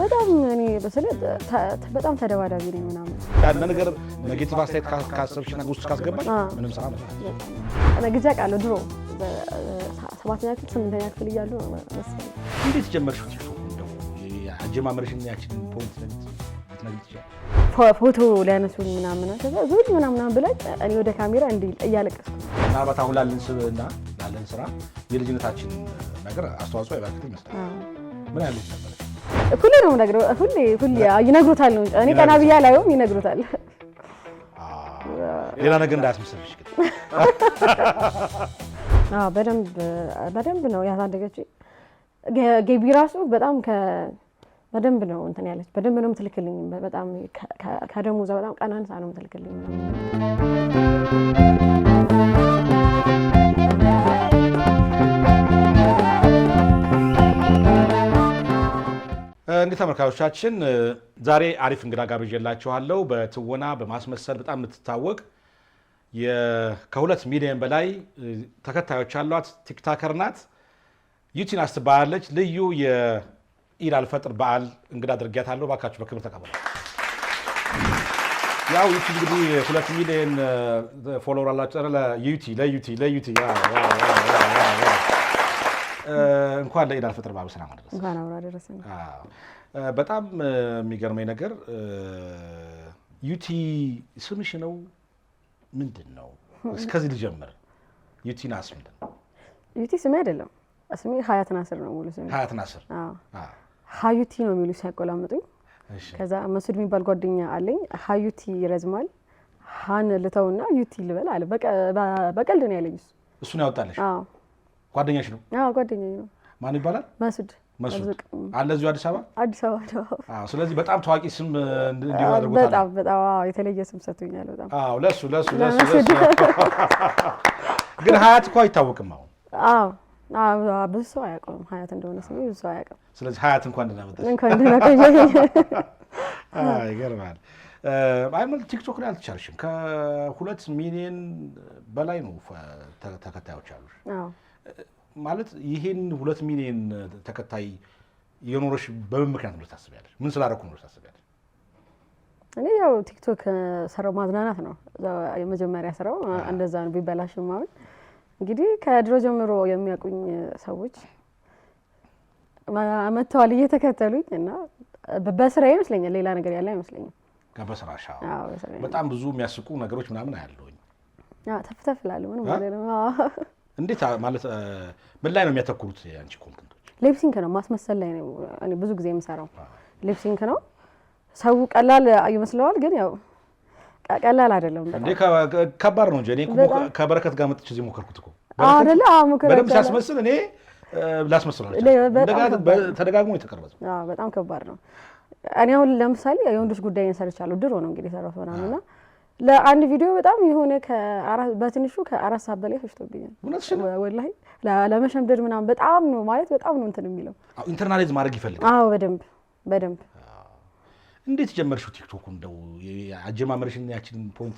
በጣም እኔ በስለት በጣም ተደባዳቢ ነኝ ምናምን ያን ነገር ኔጌቲቭ አስተያየት ካሰብሽና ውስጥ ካስገባሽ ምንም ሰዓት ነው ጊዜ አውቃለሁ። ድሮ ሰባተኛ ክፍል ስምንተኛ ክፍል እያሉ መሰለኝ። እንዴት ጀመርሽ? አጀማመርሽን ያችን ፖይንት ፎቶ ሊያነሱኝ ምናምን ከዛ ዙድ ምናምን ብላኝ እኔ ወደ ካሜራ እንዲ እያለቀስኩ ምናልባት አሁን ላለን ስብዕና ላለን ስራ የልጅነታችን ነገር አስተዋጽኦ ያበረከተ ይመስላል። ምን ያሉት ነበር? ሁሌ ነው የምነግረው። ሁሌ ሁሌ ይነግሩታል ነው እኔ ቀና ብዬ አላየውም። ይነግሩታል። ሌላ ነገር እንዳያስመስልሽ ግን። በደንብ ነው ገቢ ራሱ በጣም በደንብ ነው እንትን ያለች በደንብ ነው የምትልክልኝ። በጣም በጣም ቀናንሳ ነው የምትልክልኝ። እንዲህ ተመልካቾቻችን ዛሬ አሪፍ እንግዳ ጋብዤላችኋለሁ። በትወና በማስመሰል በጣም የምትታወቅ ከሁለት ሚሊዮን በላይ ተከታዮች አሏት ቲክታከር ናት። ዩቲናስ ትባላለች። ልዩ የኢድ አልፈጥር በዓል እንግዳ አድርጊያታለሁ። እባካችሁ በክብር ተቀበሉ። ያው ዩቲ እንግዲህ ሁለት ሚሊዮን ፎሎወር አላቸው ለዩቲ ለዩቲ ለዩቲ እንኳን ለኢድ አልፈጥር በሰላም አደረሰን። እንኳን አብሮ አደረሰን። በጣም የሚገርመኝ ነገር ዩቲ ስምሽ ነው ምንድን ነው? እስከዚህ ልጀምር። ዩቲ ናስ ምንድን ነው? ዩቲ ስሜ አይደለም። ስሜ ሀያት ናስር ነው። ሙሉ ስሜ ሀያት ናስር። ሀዩቲ ነው የሚሉ ሲያቆላምጡኝ። ከዛ መሱድ የሚባል ጓደኛ አለኝ። ሀዩቲ ይረዝማል። ሀን ልተውና ዩቲ ልበል አለ። በቀልድ ነው ያለኝ እሱ። እሱን ያወጣለሽ ጓደኛሽ ነው? አዎ ጓደኛዬ ነው። ማን ይባላል? መስድ መስድ አለ እዚሁ አዲስ አበባ አዲስ አበባ ነው። አዎ ስለዚህ በጣም ታዋቂ ስም እንዲሆን አድርጎታል። በጣም በጣም አዎ የተለየ ስም ሰጥቶኛል። በጣም አዎ ለሱ ለሱ ለሱ ለሱ ግን ሀያት እኮ አይታወቅም አሁን። አዎ ብዙ ሰው አያውቀውም ሀያት እንደሆነ ስሜ ብዙ ሰው አያውቀውም። ስለዚህ ሀያት እንኳን ደህና መጣሽ እንኳን ደህና ቆየሽ። ይገርማል። አይ ቲክቶክ ላይ አልተቻልሽም። ከሁለት ሚሊዮን በላይ ነው ተከታዮች አሉሽ። አዎ ማለት ይሄን ሁለት ሚሊዮን ተከታይ የኖረሽ በምን ምክንያት ነው ታስቢያለሽ? ምን ስላደረኩ ነው ታስቢያለሽ? እኔ ያው ቲክቶክ ሰራው ማዝናናት ነው የመጀመሪያ ስራው፣ እንደዛ ነው ቢበላሽ ማሁን እንግዲህ ከድሮ ጀምሮ የሚያውቁኝ ሰዎች መጥተዋል እየተከተሉኝ እና በስራ ይመስለኛል፣ ሌላ ነገር ያለ አይመስለኝም። በጣም ብዙ የሚያስቁ ነገሮች ምናምን አያለውኝ ተፍተፍላሉ ምን እንዴት ማለት ምን ላይ ነው የሚያተኩሩት የአንቺ ኮንተንቶች? ሊፕሲንክ ነው ማስመሰል ላይ ነው ብዙ ጊዜ የምሰራው ሊፕሲንክ ነው። ሰው ቀላል ይመስለዋል፣ ግን ያው ቀላል አይደለም። ከባድ ነው እንጂ እኔ ከበረከት ጋር መጥቼ እዚህ ሞከርኩት እኮ አደለ በደምብ ሲያስመስል እኔ ላስመስል ተደጋግሞ የተቀረጸ በጣም ከባድ ነው። እኔ አሁን ለምሳሌ የወንዶች ጉዳይ ሰርቻለሁ። ድሮ ነው እንግዲህ የሰራሁት ምናምንና ለአንድ ቪዲዮ በጣም የሆነ በትንሹ ከአራት ሰዓት በላይ ፈጅቶብኛል። ወላሂ ለመሸምደድ ምናምን በጣም ነው ማለት በጣም ነው እንትን የሚለው ኢንተርናላይዝ ማድረግ ይፈልጋል። አዎ በደንብ በደንብ። እንዴት ጀመርሽው ቲክቶክ? እንደው አጀማመርሽን ያችን ፖይንት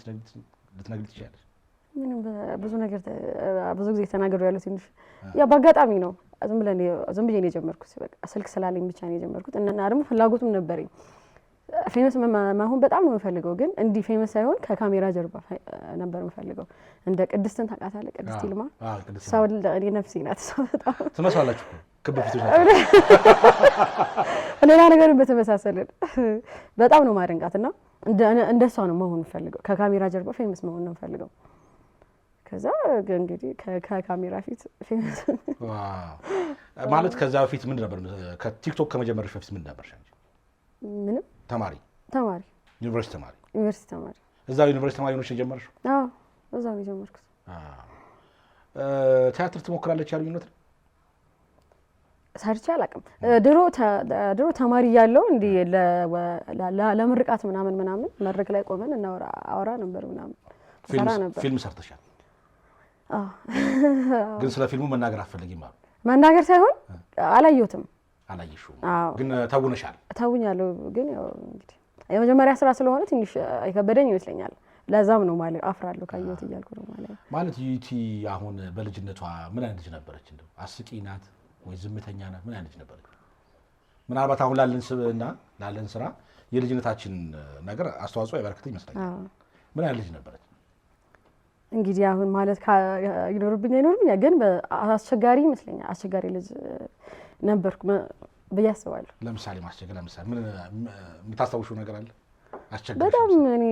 ልትነግሪ ትችላለሽ? ብዙ ነገር ብዙ ጊዜ ተናገሩ ያለው ትንሽ ያው በአጋጣሚ ነው። ዝም ብዬ ነው የጀመርኩት። ስልክ ስላለኝ ብቻ ነው የጀመርኩት እና ደግሞ ፍላጎቱም ነበረኝ ፌመስ መሆን በጣም ነው የምፈልገው፣ ግን እንዲህ ፌመስ ሳይሆን ከካሜራ ጀርባ ነበር የምፈልገው። እንደ ቅድስትን ታውቃታለህ? ቅድስት ይልማ ሰው እኔ ነፍሴ ናት። ሰው በጣም ትመስላላችሁ፣ ክብ ፊቶች ሌላ ነገር በተመሳሰልን በጣም ነው ማደንቃት እና እንደ እሷ ነው መሆን የምፈልገው። ከካሜራ ጀርባ ፌመስ መሆን ነው የምፈልገው። ከዛ እንግዲህ ከካሜራ ፊት ፌመስ ማለት ከዛ በፊት ምን ነበር? ከቲክቶክ ከመጀመርሽ በፊት ምን ነበር? ምንም ተማሪ ተማሪ ዩኒቨርሲቲ ተማሪ ዩኒቨርሲቲ ተማሪ እዛው ዩኒቨርሲቲ ተማሪ ሆነሽ የጀመርሽው? አዎ እዛው ነው የጀመርኩት። ቲያትር ትሞክራለች ያሉኝ ነው ሰርቼ አላውቅም። ድሮ ድሮ ተማሪ እያለሁ እንዲህ ለምርቃት ምናምን ምናምን መድረክ ላይ ቆመን እናወራ አወራ ነበር ምናምን ሰራ ነበር። ፊልም ሰርተሻል? ግን ስለ ፊልሙ መናገር አትፈልጊም አሉ። መናገር ሳይሆን አላየሁትም አላየሽውም ግን ተውነሻል። ተውኛለሁ ግን ያው እንግዲህ የመጀመሪያ ስራ ስለሆነ ትንሽ የከበደኝ ይመስለኛል። ለዛም ነው ማለት አፍራለሁ ካየሁት እያልኩ ነው ማለት ማለት ዩቲ አሁን በልጅነቷ ምን አይነት ልጅ ነበረች? እንደው አስቂ ናት ወይ ዝምተኛ ናት? ምን አይነት ልጅ ነበረች? ምናልባት አሁን ላለን ስብዕና ላለን ስራ የልጅነታችን ነገር አስተዋጽኦ ያበረክት ይመስለኛል። ምን አይነት ልጅ ነበረች? እንግዲህ አሁን ማለት ይኖርብኝ አይኖርብኛ ግን አስቸጋሪ ይመስለኛል። አስቸጋሪ ልጅ ነበርኩ ብዬ አስባለሁ። ለምሳሌ ማስቸገር ለምሳሌ ምን የምታስታውሽው ነገር አለ? በጣም እኔ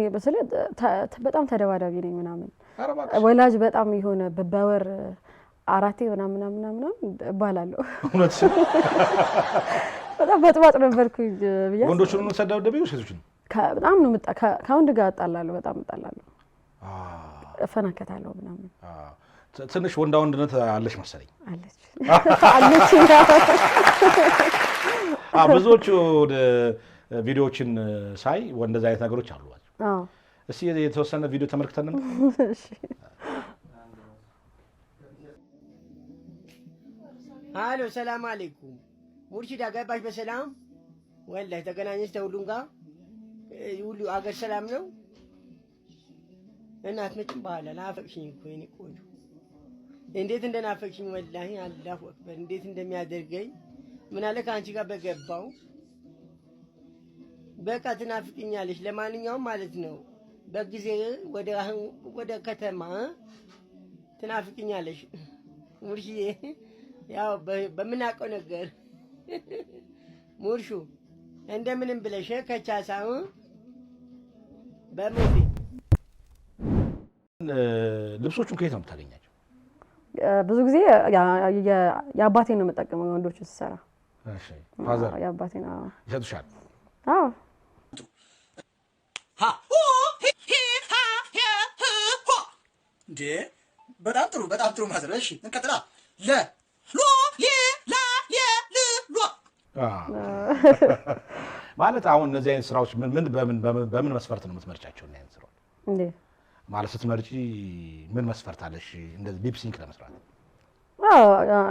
በጣም ተደባዳቢ ነኝ ምናምን ወላጅ በጣም የሆነ በወር አራቴ ምናምን ምናምን እባላለሁ። በጣም በጥባጥ ነበርኩኝ ብዬ ወንዶቹን ነው ሰዳደብ ሴቶችን በጣም ነው ከወንድ ጋር እጣላለሁ። በጣም እጣላለሁ፣ እፈናከታለሁ ምናምን ትንሽ ወንዳ ወንድነት አለች መሰለኝ። ብዙዎቹ ቪዲዮዎችን ሳይ እንደዚህ አይነት ነገሮች አሉ። እስቲ የተወሰነ ቪዲዮ ተመልክተን አሎ፣ ሰላም አለይኩም ሙርሺዳ፣ ገባሽ በሰላም ወላሂ፣ ተገናኘች ተሁሉም ጋር ሁሉ አገር ሰላም ነው። እናት መጭም ባህላል አፈቅሽኝ እኮ የእኔ ቆንጆ እንዴት እንደናፈቅሽኝ ወላሂ አላሁ አክበር እንዴት እንደሚያደርገኝ ምን አለ ከአንቺ ጋር በገባው በቃ ትናፍቅኛለሽ። ለማንኛውም ማለት ነው በጊዜ ወደ ከተማ ትናፍቅኛለሽ ሙርሽዬ። ያው በምናውቀው ነገር ሙርሹ እንደምንም ብለሽ ከቻሳው በሙሴ ልብሶቹን ከየት ነው የምታገኛቸው? ብዙ ጊዜ የአባቴን ነው የምጠቀመው። ወንዶች ስሰራ የአባቴን ይሰጡሻል። እንዴ በጣም ጥሩ በጣም ጥሩ ማዘር። እሺ እንቀጥላ ለ ሎ ላ ል ሎ ማለት አሁን እነዚህ አይነት ስራዎች ምን በምን በምን መስፈርት ነው የምትመርጫቸው? አይነት ስራዎች ማለት ስትመርጪ ምን መስፈርት አለሽ? እንደዚህ ሊፕሲንክ ለመስራት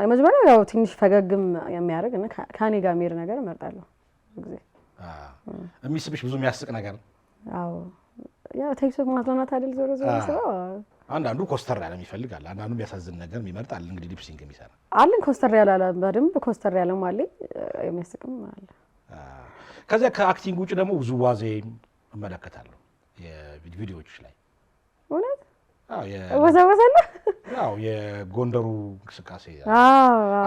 የመጀመሪያው ያው ትንሽ ፈገግም የሚያደርግ እና ከኔ ጋር የሚሄድ ነገር እመርጣለሁ። ብዙ ጊዜ የሚስብሽ ብዙ የሚያስቅ ነገር ያው ቴክቶክ ማዝናናት አይደል ዞሮ ዞሮ ስለው አንዳንዱ ኮስተር ያለ የሚፈልግ አለ። አንዳንዱ የሚያሳዝን ነገር የሚመርጥ አለ። እንግዲህ ሊፕሲንግ የሚሰራ አለን። ኮስተር ያለ አለ፣ በደንብ ኮስተር ያለም አለ፣ የሚያስቅም አለ። ከዚያ ከአክቲንግ ውጭ ደግሞ ውዝዋዜ እመለከታለሁ የቪዲዮዎች ላይ እውነት እወዛወዛለሁ። ያው የጎንደሩ እንቅስቃሴ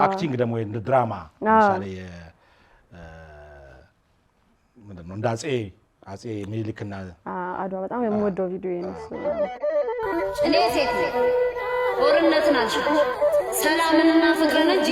አክቲንግ ደግሞ ድራማ ለምሳሌ እንደ አጼ አጼ ሚኒልክና አድዋ በጣም የምወደው ቪዲዮ የነሱ እኔ ሴት ነኝ ጦርነትን ሰላምንና ፍቅርን እንጂ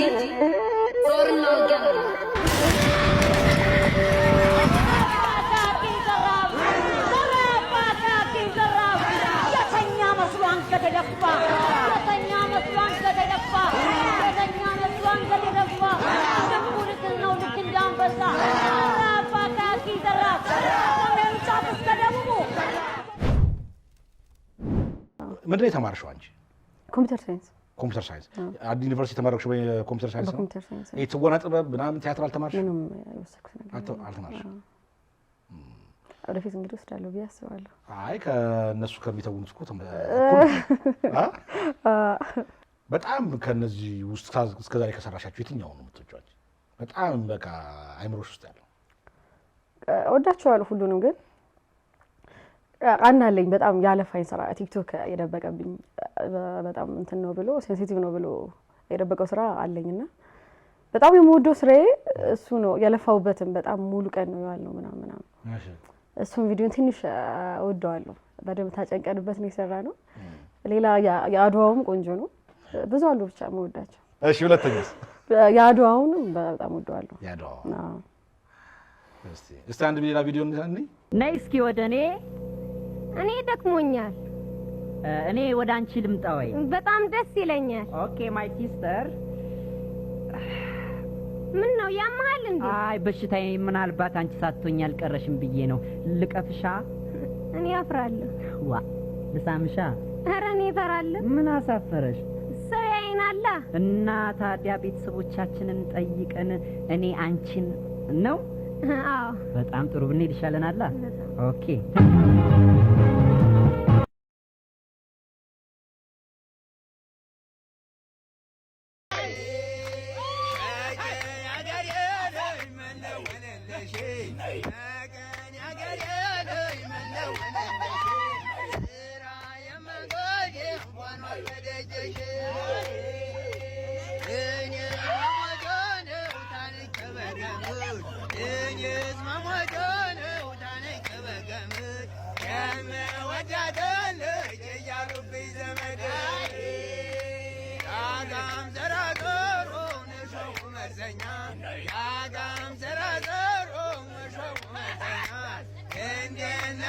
የተማርሽው አንቺ? ኮምፒውተር ሳይንስ። ኮምፒውተር ሳይንስ አዲስ ዩኒቨርሲቲ የተመረቅሽው በኮምፒውተር ሳይንስ ነው? የትወና ጥበብ ምናምን ቲያትር አልተማርሽም? አልተማርሽም። ወደፊት እንግዲህ ወስዳለሁ ብዬ አስባለሁ። አይ ከእነሱ ከሚተውኑት እኮ በጣም ከነዚህ ውስጥ እስከዛሬ ከሰራሻቸው የትኛው ነው የምትወጪው? በጣም በቃ አይምሮሽ ውስጥ ያለው ወዳቸዋለሁ ሁሉንም ግን አንድ አለኝ በጣም ያለፋኝ ስራ ቲክቶክ የደበቀብኝ በጣም እንትን ነው ብሎ ሴንሲቲቭ ነው ብሎ የደበቀው ስራ አለኝ አለኝና በጣም የምወደው ስራዬ እሱ ነው። ያለፋውበትም በጣም ሙሉ ቀን ነው ነው ምናምን ምናምን። እሱን ቪዲዮን ትንሽ ወደዋለሁ። በደንብ ታጨንቀንበት ነው የሰራ ነው። ሌላ የአድዋውም ቆንጆ ነው። ብዙ አሉ ብቻ መወዳቸው። እሺ፣ ሁለተኛ የአድዋውንም በጣም ወደዋለሁ። እስቲ አንድ ሌላ ቪዲዮ ነይ እስኪ ወደ እኔ እኔ ደክሞኛል። እኔ ወደ አንቺ ልምጣ ወይ? በጣም ደስ ይለኛል። ኦኬ ማይ ሲስተር። ምን ነው ያመሃል እንዴ? አይ በሽታዬ ምናልባት አንቺ ሳትሆኝ አልቀረሽም ብዬ ነው። ልቀፍሻ? እኔ አፍራለሁ። ዋ ልሳምሻ? ኧረ እኔ እፈራለሁ። ምን አሳፈረሽ? ሰው ያይናላ። እና ታዲያ ቤተሰቦቻችንን ጠይቀን እኔ አንቺን ነው። አዎ በጣም ጥሩ ብንሄድ ይሻለናላ። ኦኬ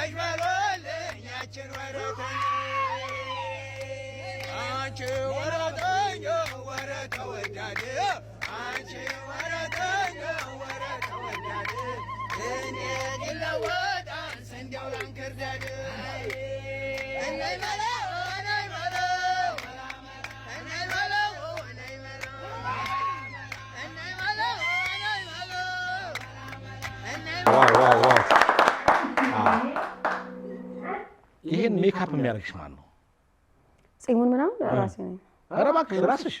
ነሽ በሎልኝ ያችን ወረተኛ አንቺ ወረተኛ አንቺ ወረተኛ እኔ ስንዴው ይሄን ሜካፕ የሚያደርግሽ ማን ነው? ጺሙን ምናምን ራሴ ነኝ። ኧረ እባክሽ ራስሽ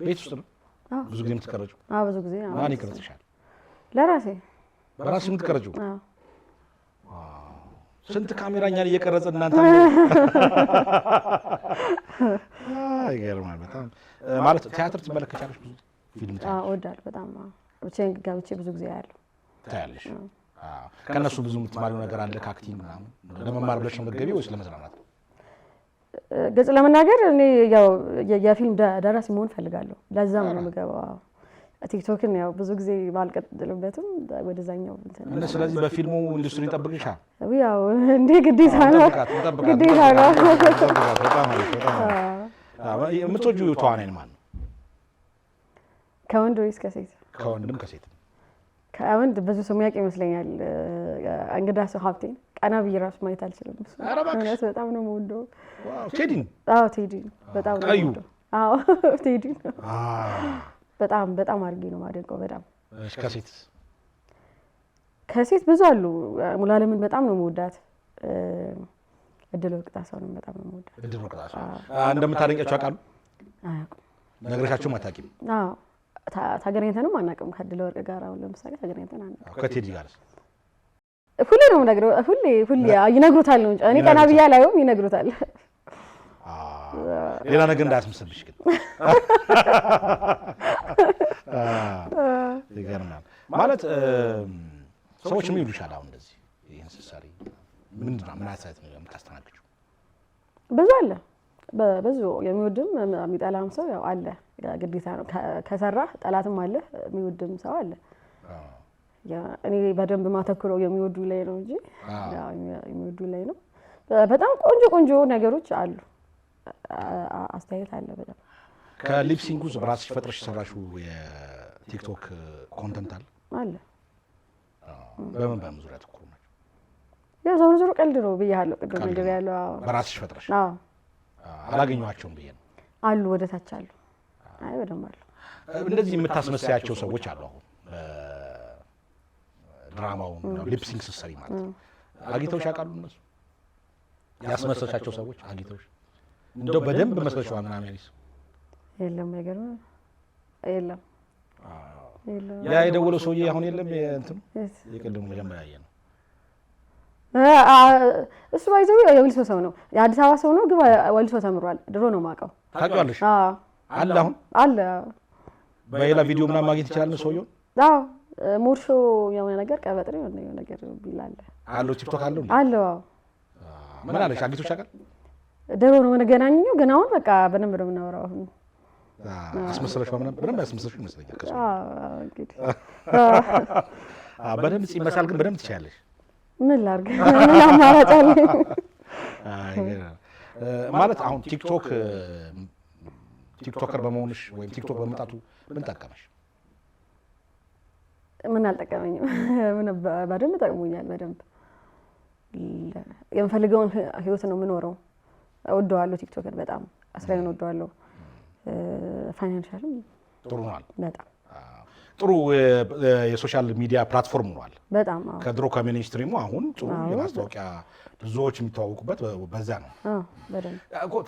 ቤት ውስጥ ነው ብዙ ጊዜ የምትቀረጩ? ብዙ ጊዜ ማን ይቀረጽሻል? ለራሴ በራስሽ የምትቀረጩ? ስንት ካሜራ እኛን እየቀረጸ እናንተ ይገርማል። በጣም ማለት ቲያትር ትመለከቻለሽ? ብዙ ፊልም ወዳል በጣም ብቻዬን ገብቼ ብዙ ጊዜ ያለሁ ታያለሽ ከእነሱ ብዙ የምትማሪው ነገር አለ? ከአክቲንግ ምናምን ለመማር ብለሽ ነው የምትገቢው ወይስ ለመዝናናት? ገጽ ለመናገር እኔ ያው የፊልም ደራሲ መሆን ፈልጋለሁ። ለዛም ነው የምገባው። ቲክቶክን ያው ብዙ ጊዜ ባልቀጥልበትም ወደዛኛው እንትን። ስለዚህ በፊልሙ ኢንዱስትሪ ይጠብቅሻል? ያው እንዴ ግዴታ ነው፣ ግዴታ ነው። የምትወጂው ተዋናይን ማን ነው? ከወንድ ወይስ ከሴት? ከወንድም ከሴት ከወንድ ብዙ ሰው የሚያውቅ ይመስለኛል። እንግዳ ሰው ሀብቴን ቀና ብዬ ራሱ ማየት አልችልም። በጣም ነው የምወደው ቴዲን። ቴዲን በጣም ነው ቴዲን በጣም በጣም አድርጌ ነው የማደንቀው። በጣም ከሴት ከሴት ብዙ አሉ። ሙላለምን በጣም ነው የምወዳት። እድለው ወቅጣ በጣም ነው የምወዳት። እድል ወቅጣ ሰው እንደምታደንቂያቸው አውቃሉ? ነግረሻቸውም አታውቂም? አዎ ተገናኝተንም አናውቅም። ከድለ ወርቅ ጋር አሁን ለምሳሌ ተገናኝተን አናውቅም። ከቴዲ ጋር ሁሌ ነው የምነግረው። ሁሌ ሁሌ ይነግሩታል ነው እንጂ እኔ ቀና ብዬ አላየውም፣ ይነግሩታል። ሌላ ነገር እንዳያስመስልሽ ግን ይገርማል። ማለት ሰዎች ምን ይሉሻል? አሁን እንደዚህ ይህን ስሳሪ ምንድን ነው ምን አስተያየት ነው የምታስተናግጂው? ብዙ አለ በብዙ የሚወድም የሚጠላም ሰው ያው አለ፣ ግዴታ ነው። ከሰራ ጠላትም አለ፣ የሚወድም ሰው አለ። እኔ በደንብ ማተኩረው የሚወዱ ላይ ነው እንጂ የሚወዱ ላይ ነው። በጣም ቆንጆ ቆንጆ ነገሮች አሉ፣ አስተያየት አለ። በጣም ከሊፕሲንጉ ራስሽ ፈጥረሽ ሰራሹ የቲክቶክ ኮንተንት አለ አለ። በምን በምን ዙሪያ ትኩሩ ናቸው? ያው ዞሮ ዞሮ ቀልድ ነው ብያለሁ ቅድም። ነገር ያለው በራስሽ ፈጥረሽ አላገኘኋቸውም ብዬ ነው አሉ። ወደ ታች አሉ። አይ በደንብ አሉ። እንደዚህ የምታስመስያቸው ሰዎች አሉ። አሁን ድራማውን ሊፕሲንግ ስትሰሪ ማለት ነው አግኝተውሽ ያውቃሉ? እነሱ ያስመሰሻቸው ሰዎች አግኝተውሽ እንደው በደንብ መስለሽዋ ምናምን ያለሽ የለም ነገር የለም። ያ የደወለው ሰውዬ አሁን የለም። እንትኑ የቅድሙ መጀመሪያ ያየ ነው እሱ ባይዘው የወሊሶ ሰው ነው፣ የአዲስ አበባ ሰው ነው፣ ግን ወሊሶ ተምሯል። ድሮ ነው የማውቀው። ታውቂዋለሽ? አለ አሁን አለ። በሌላ ቪዲዮ ምናምን ማግኘት ይችላል ሰውየውን። ሞርሾ የሆነ ነገር ቀበጥሬ የሆነ ነገር ቢላለ አለው። ቲክቶክ አለው አለው። ምን አለሽ? አግኝቶሽ ያውቃል? ድሮ ነው መገናኘው፣ ግን አሁን በቃ በደንብ ነው የምናወራው አሁን አስመስለሽ በደንብ አስመስለሽ ይመስለኛል። በደንብ ይመስላል፣ ግን በደንብ ትችያለሽ ምን ላርግ? ምን አማራጭ ማለት አሁን ቲክቶክ ቲክቶከር በመሆንሽ ወይም ቲክቶክ በመምጣቱ ምን ጠቀመሽ? ምን አልጠቀመኝም። በደንብ ጠቅሞኛል። በደንብ የምፈልገውን ህይወት ነው የምኖረው። እወደዋለሁ። በጣም አስራዬን እወደዋለሁ። ፋይናንሻልም ጥሩ ነዋል በጣም ጥሩ የሶሻል ሚዲያ ፕላትፎርም ሆኗል። በጣም ከድሮ ከሜን አሁን ጥሩ የማስታወቂያ ብዙዎች የሚተዋወቁበት በዛ ነው።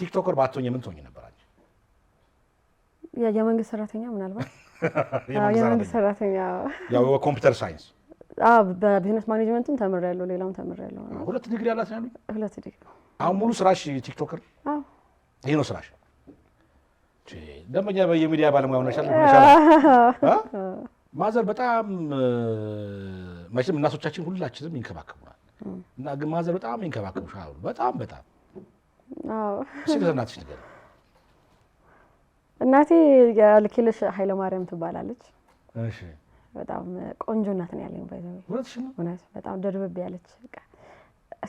ቲክቶከር ባትሆኝ የምን ትሆኝ ነበር? የመንግስት ሰራተኛ ምናልባት የመንግስት ሰራተኛ ያው ኮምፒውተር ሳይንስ በቢዝነስ ማኔጅመንትም ተምሬያለሁ፣ ሌላም ተምሬያለሁ። ሁለት ዲግሪ አላት ያሉኝ። ሁለት ዲግሪ። አሁን ሙሉ ስራሽ ቲክቶከር ይሄ ነው ስራሽ? ደንበኛ የሚዲያ ባለሙያ ሆነሻል። ማዘር በጣም መቼም እናቶቻችን ሁላችንም ይንከባከቡናል እና ግን ማዘር በጣም ይንከባከቡሻል። በጣም በጣም ስለ እናትሽ ንገሪኝ። እናቴ ልኬልሽ ኃይለማርያም ትባላለች። በጣም ቆንጆ እናት ነው ያለኝ። በእውነት በጣም ደርበብ ያለች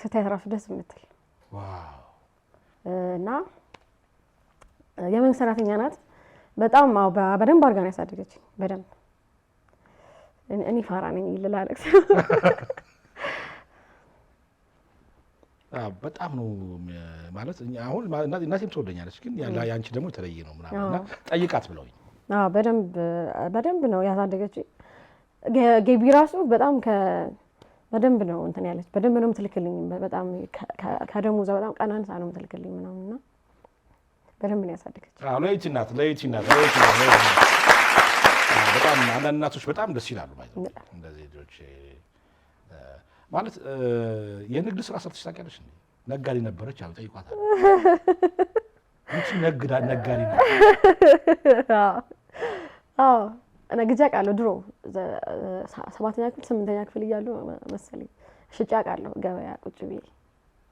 ስታያት ራሱ ደስ የምትል እና የመንግስት ሰራተኛ ናት። በጣም በደንብ አድርጋ ነው ያሳደገችኝ። በደንብ እኔ ፋራ ነኝ ልላለቅ በጣም ነው ማለት አሁን እናቴም ትወደኛለች፣ ግን ያንቺ ደግሞ የተለየ ነው ምናምንና ጠይቃት ብለውኝ በደንብ ነው ያሳደገች ገቢ ራሱ በጣም በደንብ ነው እንትን ያለች፣ በደንብ ነው የምትልክልኝ። በጣም ከደሞዛ በጣም ቀናንሳ ነው የምትልክልኝ ምናምንና በደንብ ነው ያሳደገች። ለይቲ ናት፣ ለይቲ ናት። በጣም አንዳንድ እናቶች በጣም ደስ ይላሉ። እንደዚህ ልጆች ማለት የንግድ ስራ ሰርተሽ ታውቂያለሽ? ነጋዴ ነበረች አሉ ጠይቋታል። ነግዳ ነጋዴ ነው ነግጄ አውቃለሁ። ድሮ ሰባተኛ ክፍል ስምንተኛ ክፍል እያሉ መሰለኝ ሽጫ አውቃለሁ ገበያ ቁጭ ብዬ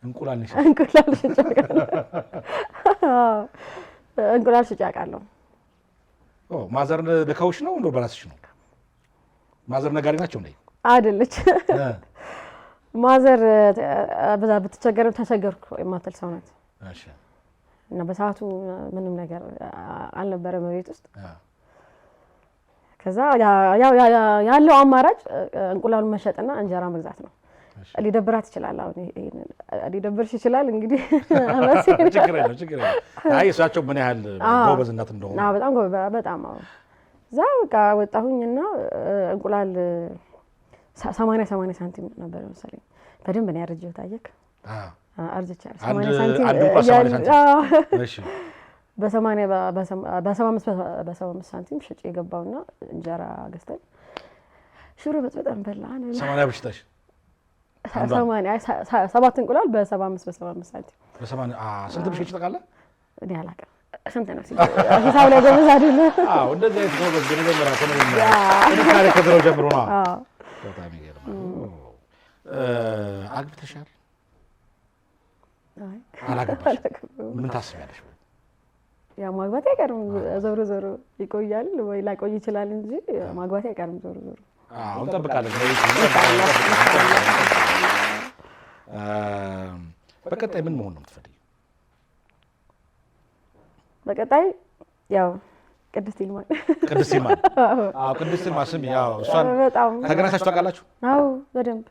እንቁላል እንቁላል ሽጬ አውቃለሁ። ማዘር ልከውሽ ነው እንደው በራስሽ ነው? ማዘር ነጋሪ ናቸው እንዴ? አይደለች ማዘር በዛ ብትቸገርም ተቸገርኩ የማትል ሰው ናት። እና በሰዓቱ ምንም ነገር አልነበረም ቤት ውስጥ። ከዛ ያለው አማራጭ እንቁላሉን መሸጥና እንጀራ መግዛት ነው። ሊደብራት ይችላል። አሁን ሊደብርሽ ይችላል። እንግዲህ አይ እሳቸው ምን ያህል ጎበዝነት እናት እንደሆኑ በጣም ጎበዝ እዛ በቃ ወጣሁኝና እንቁላል ሰማንያ ሰማንያ ሳንቲም ነበር መሰለኝ። በደንብ ነው ያረጀሁት። አየክ አርጅቻለሁ። በሰማንያ በሰባ አምስት ሳንቲም ሸጬ የገባውና እንጀራ ገዝተን ሽሮ በጣም በላ ሰማንያ ብሽታሽ ሰባት እንቁላል በሰባ አምስት በሰባ አምስት ሳንቲም ስንት ብር ሸጭ እኔ አላውቅም ስንት ነው ሂሳብ ላይ ጎበዝ አይደለም። እንደዚህ አይነት ከመጀመሪያ ጀምሮ በጣም ይገርማል። አግብተሻል? ምን ታስቢያለሽ? ያው ማግባት አይቀርም ዞሮ ዞሮ ይቆያል ወይ ላቆይ ይችላል እንጂ ማግባት አይቀርም ዞሮ ዞሮ አሁን እንጠብቃለን። በቀጣይ ምን መሆን ነው የምትፈልጊው? በቀጣይ ያው ቅድስት ይልማ ቅድስት ይልማ ቅድስት ይልማ ስም ያው እሷን ተገናኝታችሁ ታውቃላችሁ? አዎ በደንብ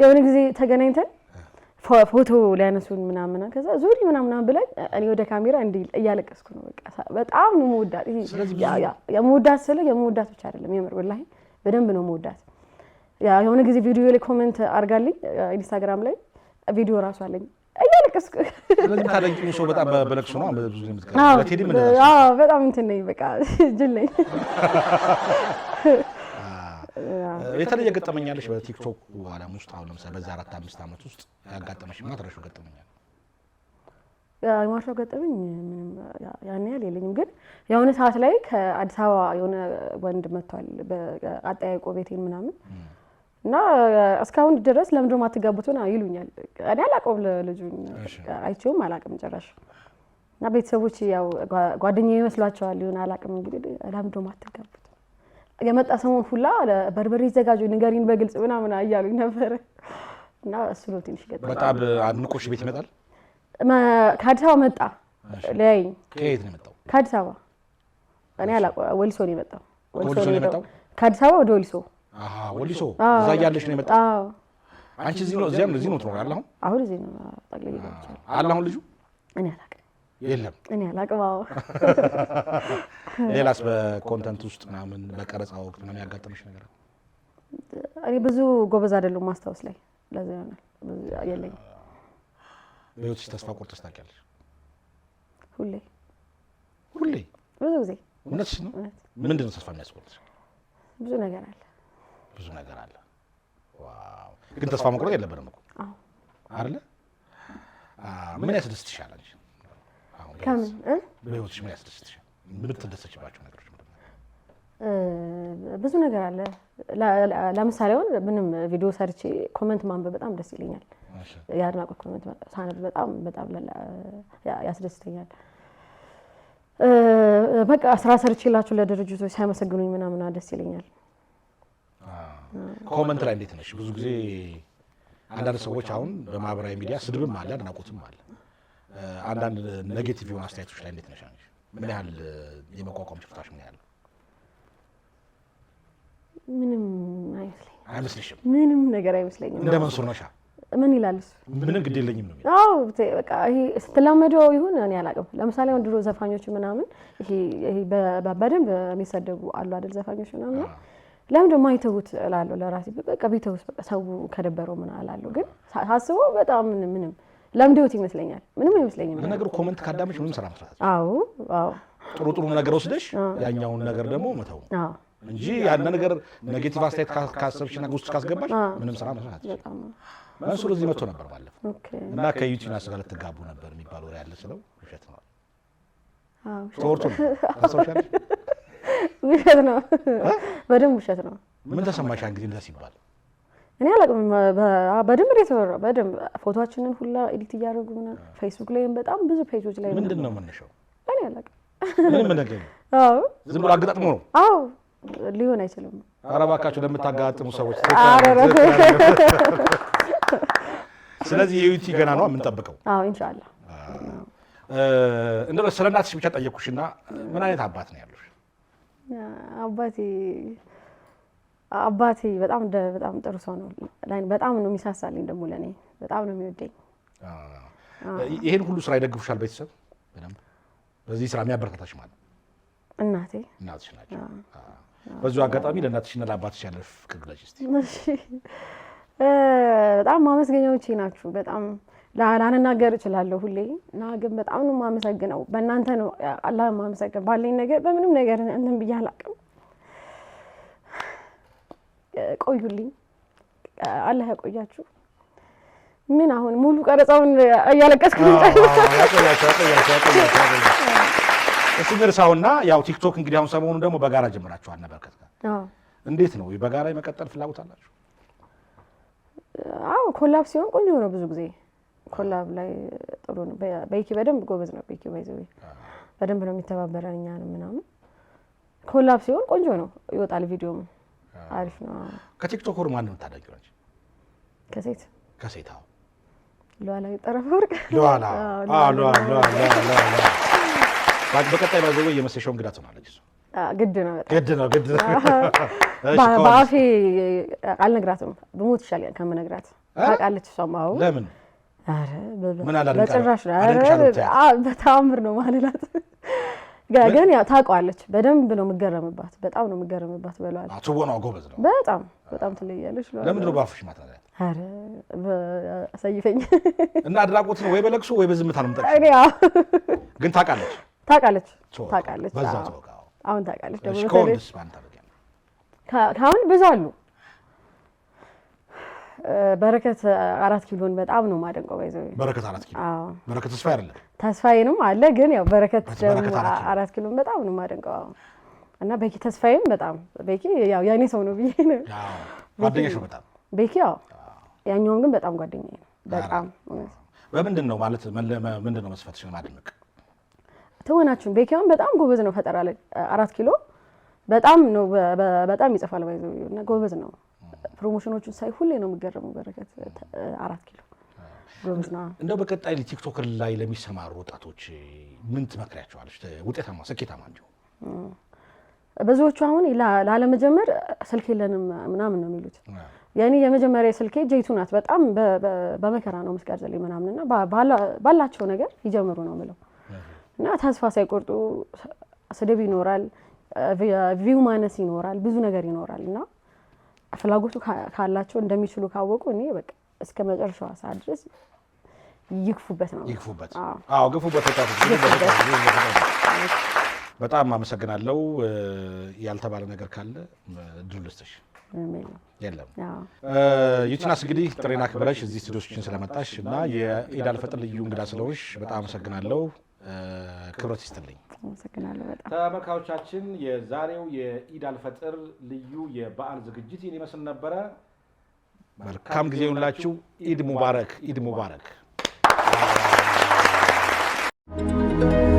የሆነ ጊዜ ተገናኝተን ፎቶ ሊያነሱን ምናምን ከዛ ዙሪ ምናምን ብለን እኔ ወደ ካሜራ እንዲ እያለቀስኩ ነው። በጣም ነው መወዳት። የመወዳት ስለ የመወዳት ብቻ አይደለም የምር ወላሂ በደንብ ነው መወዳት። የሆነ ጊዜ ቪዲዮ ላይ ኮመንት አድርጋልኝ ኢንስታግራም ላይ ቪዲዮ ራሱ አለኝ እያለቀስኩ ታደንቂኝ ሰው በጣም በለቅሶ ነው ብዙ በጣም እንትን ነኝ በቃ ጅል ነኝ። የተለየ ገጠመኛለሽ በቲክቶክ ዓለም ውስጥ አሁን ለምሳሌ በዚህ አራት አምስት ዓመት ውስጥ ያጋጠመሽ ማትረሹ ገጠመኛል? አለ? የማትረሹ ገጠመኝ ያን ያህል የለኝም፣ ግን የሆነ ሰዓት ላይ ከአዲስ አበባ የሆነ ወንድ መጥቷል አጠያይቆ ቤቴን ምናምን እና እስካሁን ድረስ ለምንድን ማትጋቡት ሆነ ይሉኛል። እኔ አላውቀውም፣ ለልጁ አይቼውም አላውቅም ጭራሽ። እና ቤተሰቦች ያው ጓደኛ ይመስሏቸዋል ይሁን አላውቅም። እንግዲህ ለምንድን ማትጋቡት የመጣ ሰሞን ሁላ በርበሬ ይዘጋጁ ንገሪን በግልጽ ምናምን እያሉኝ ነበረ። እና እሱ ነው ትንሽ ገጠመኝ። በጣም አድንቆሽ ቤት ይመጣል። ከአዲስ አበባ መጣ ሊያየኝ። ከየት ነው የመጣው? ከአዲስ አበባ እኔ አላውቀውም። ወሊሶ ነው የመጣው። ከአዲስ አበባ ወደ ወሊሶ ወሊሶ እዛ እያለሽ ነው የመጣው? አንቺ እዚህ ነው እዚያም እዚህ ነው አሁን አሁን እዚህ ነው ጠቅልዬ አለ አሁን ልጁ እኔ የለም እኔ አዎ ሌላስ በኮንተንት ውስጥ ምናምን በቀረጻ ወቅት ምናምን ያጋጠመሽ ነገር? እኔ ብዙ ጎበዝ አይደለሁም ማስታወስ ላይ ለዛ ይሆናል የለኝም። በህይወትሽ ተስፋ ቆርጠሽ ታውቂያለሽ? ሁሌ ሁሌ ብዙ ጊዜ። እውነትሽ ነው። ምንድን ነው ተስፋ የሚያስቆርጥሽ? ብዙ ነገር አለ ብዙ ነገር አለ። ግን ተስፋ መቁረጥ የለብንም እኮ አለ። ምን ያስደስትሻል አንቺ? በህይወትሽ ምን ያስደስትሻል? የምትደሰችባቸው ነገሮች ብዙ ነገር አለ። ለምሳሌ አሁን ምንም ቪዲዮ ሰርቼ ኮመንት ማንበብ በጣም ደስ ይለኛል። የአድናቆት ኮመንት ሳነብ በጣም በጣም ያስደስተኛል። በቃ ስራ ሰርቼላችሁ ለድርጅቶች ሳያመሰግኑኝ ምናምና ደስ ይለኛል። ኮመንት ላይ እንዴት ነሽ? ብዙ ጊዜ አንዳንድ ሰዎች አሁን በማህበራዊ ሚዲያ ስድብም አለ አድናቆትም አለ። አንዳንድ ኔጌቲቭ የሆኑ አስተያየቶች ላይ እንዴት ነሽ? ምን ያህል የመቋቋም ችሎታሽ ምን ያህል? ምንም አይመስለኝም። አይመስልሽም? ምንም ነገር አይመስለኝም። እንደ መንሱር ነሻ ምን ይላል እሱ? ምንም ግድ የለኝም ነው። አዎ በቃ ይሄ ስትላመደው ይሁን እኔ አላውቅም። ለምሳሌ አሁን ድሮ ዘፋኞች ምናምን ይሄ በደንብ የሚሰደቡ አሉ አይደል? ዘፋኞች ምናምን ለምን ደግሞ አይተውት እላለሁ ለራሴ በቃ ቤተውስ በቃ ሰው ከደበረው ምን አላለሁ። ግን ሳስበው በጣም ምንም ለምደውት ይመስለኛል። ምንም አይመስለኝም። ነገር ኮመንት ካዳመች ምንም ስራ መስራት። አዎ አዎ፣ ጥሩ ጥሩ ነገር ወስደሽ ያኛውን ነገር ደግሞ መተው እንጂ ያን ነገር ኔጌቲቭ አስተያየት ካሰብሽ ነገር ውስጥ ካስገባሽ ምንም ስራ መስራት መንሱር እዚህ መጥቶ ነበር ባለፈው እና ከዩቲናስ ጋር ልትጋቡ ነበር የሚባል ወሬ ያለ ስለው ውሸት ነው ተወርቶ ነው። ውሸት ነው በደንብ ውሸት ነው። ምን ተሰማሽ እንግዲህ እንደዛ ሲባል? እኔ አላቅም። በደንብ ነው የተወራው። በደንብ ፎቶችንን ሁላ ኤዲት እያደረጉ ምናምን ፌስቡክ ላይም በጣም ብዙ ፔጆች ላይ ምንድን ነው መነሻው? እኔ አላቅም። ምንም ነገር አዎ፣ ዝም ብሎ አገጣጥሞ ነው። አዎ፣ ሊሆን አይችልም። ኧረ እባካችሁ ለምታጋጥሙ ሰዎች። ስለዚህ የዩቲ ገና ነው የምንጠብቀው። አዎ፣ ኢንሻአላህ። እንደው ስለ እናትሽ ብቻ ጠየቅኩሽና ምን አይነት አባት ነው ያለሽ? አባቴ አባቴ በጣም በጣም ጥሩ ሰው ነው። ላይ በጣም ነው የሚሳሳልኝ፣ ደግሞ ለእኔ በጣም ነው የሚወደኝ። ይህን ሁሉ ስራ ይደግፉሻል ቤተሰብ በደንብ በዚህ ስራ የሚያበረታታሽ ማለት እናቴ እናትሽ ናቸው። በዚሁ አጋጣሚ ለእናትሽና ለአባትሽ ያለ ፍቅር ግለጭ እስቲ። በጣም ማመስገኛዎቼ ናችሁ በጣም ላልናገር እችላለሁ ሁሌ እና ግን በጣም ነው የማመሰግነው። በእናንተ ነው አላህ ማመሰግን ባለኝ ነገር በምንም ነገር እንትን ብዬ አላቅም። ቆዩልኝ፣ አላህ ያቆያችሁ። ምን አሁን ሙሉ ቀረጻውን እያለቀስኩ እሱ እርሳውና ያው ቲክቶክ እንግዲህ አሁን ሰሞኑ ደግሞ በጋራ ጀምራችኋል ነበር። እንዴት ነው በጋራ የመቀጠል ፍላጎት አላችሁ? አዎ ኮላብ ሲሆን ቆንጆ ነው ብዙ ጊዜ ኮላብ ላይ ጥሩ ነው። በይኪ በደንብ ጎበዝ ነው። በይኪ ባይዘ በደንብ ነው የሚተባበረን እኛ ነው ምናምን። ኮላብ ሲሆን ቆንጆ ነው ይወጣል። ቪዲዮም አሪፍ ነው። ከቲክቶክ ወር ማን ነው የምታደንቂው? ከሴት ከሴት ሁ ለኋላ ጠረፍ ወርቅ ሉዓላ በቀጣይ ባዘወ የመሰሻው እንግዳ ትሆናለች። እሱ ግድ ነው ግድ ነው ግድ ነው። በአፌ አልነግራትም። ብሞት ይሻል ከምነግራት ታውቃለች እሷም። አዎ ለምን በጭራሽ በተአምር ነው ማለላት። ግን ያው ታውቀዋለች፣ በደንብ ነው የምገረምባት፣ በጣም ነው የምገረምባት። በለዋል ትወናዋ ጎበዝ ነው፣ በጣም በጣም ትለያለች። ለምንድን ነው በአፍሽ ማታ አሳይፈኝ እና አድራቆት ነው ወይ በለቅሶ ወይ በዝምታ ነው ምጠቅ። ግን ታውቃለች ታውቃለች ታውቃለች፣ አሁን ታውቃለች። ደግሞ ከአሁን ብዙ አሉ በረከት አራት ኪሎን በጣም ነው ማደንቀው። ባይዘ በረከት አራት ኪሎ በረከት ተስፋ አይደለም ተስፋዬንም አለ ግን ያው በረከት ደግሞ አራት ኪሎን በጣም ነው ማደንቀው እና ቤኪ ተስፋዬም በጣም ቤኪ ያው ያኔ ሰው ነው ብዬ ነው ጓደኛሽ ነው በጣም ቤኪ ያው ያኛውን ግን በጣም ጓደኛ ነው በጣም በምንድን ነው ማለት ምንድን ነው መስፈት ሲሆን ማድነቅ ትወናችሁን ቤኪውን በጣም ጎበዝ ነው ፈጠራ ላይ አራት ኪሎ በጣም ነው በጣም ይጽፋል ባይዘ ጎበዝ ነው ፕሮሞሽኖቹን ሳይ ሁሌ ነው የምገረመው። በረከት አራት ኪሎ እንደው በቀጣይ ቲክቶክ ላይ ለሚሰማሩ ወጣቶች ምን ትመክሪያቸዋለች? ውጤታማ ስኬታማ እንዲሁ ብዙዎቹ አሁን ላለመጀመር ስልክ የለንም ምናምን ነው የሚሉት። የኔ የመጀመሪያ ስልኬ ጄቱ ናት። በጣም በመከራ ነው ምስቀርጽልኝ ምናምን እና ባላቸው ነገር ይጀምሩ ነው ምለው እና ተስፋ ሳይቆርጡ ስድብ ይኖራል፣ ቪው ማነስ ይኖራል፣ ብዙ ነገር ይኖራል እና ፍላጎቱ ካላቸው እንደሚችሉ ካወቁ እኔ በቃ እስከ መጨረሻዋ ሰዓት ድረስ ይግፉበት ነው ይግፉበት። አዎ ግፉበት። በጣም አመሰግናለሁ። ያልተባለ ነገር ካለ እድሉ ልስጥሽ። የለም ዩቲናስ፣ እንግዲህ ጥሬና አክብረሽ እዚህ ስቱዲዮችን ስለመጣሽ እና የኢድ አልፈጥር ልዩ እንግዳ ስለሆንሽ በጣም አመሰግናለሁ። ክብረት ይስጥልኝ። ተመልካዮቻችን የዛሬው የኢድ አልፈጥር ልዩ የበዓል ዝግጅት ይህን ይመስል ነበረ። መልካም ጊዜ ሁላችሁ። ኢድ ሙባረክ፣ ኢድ ሙባረክ። Thank you.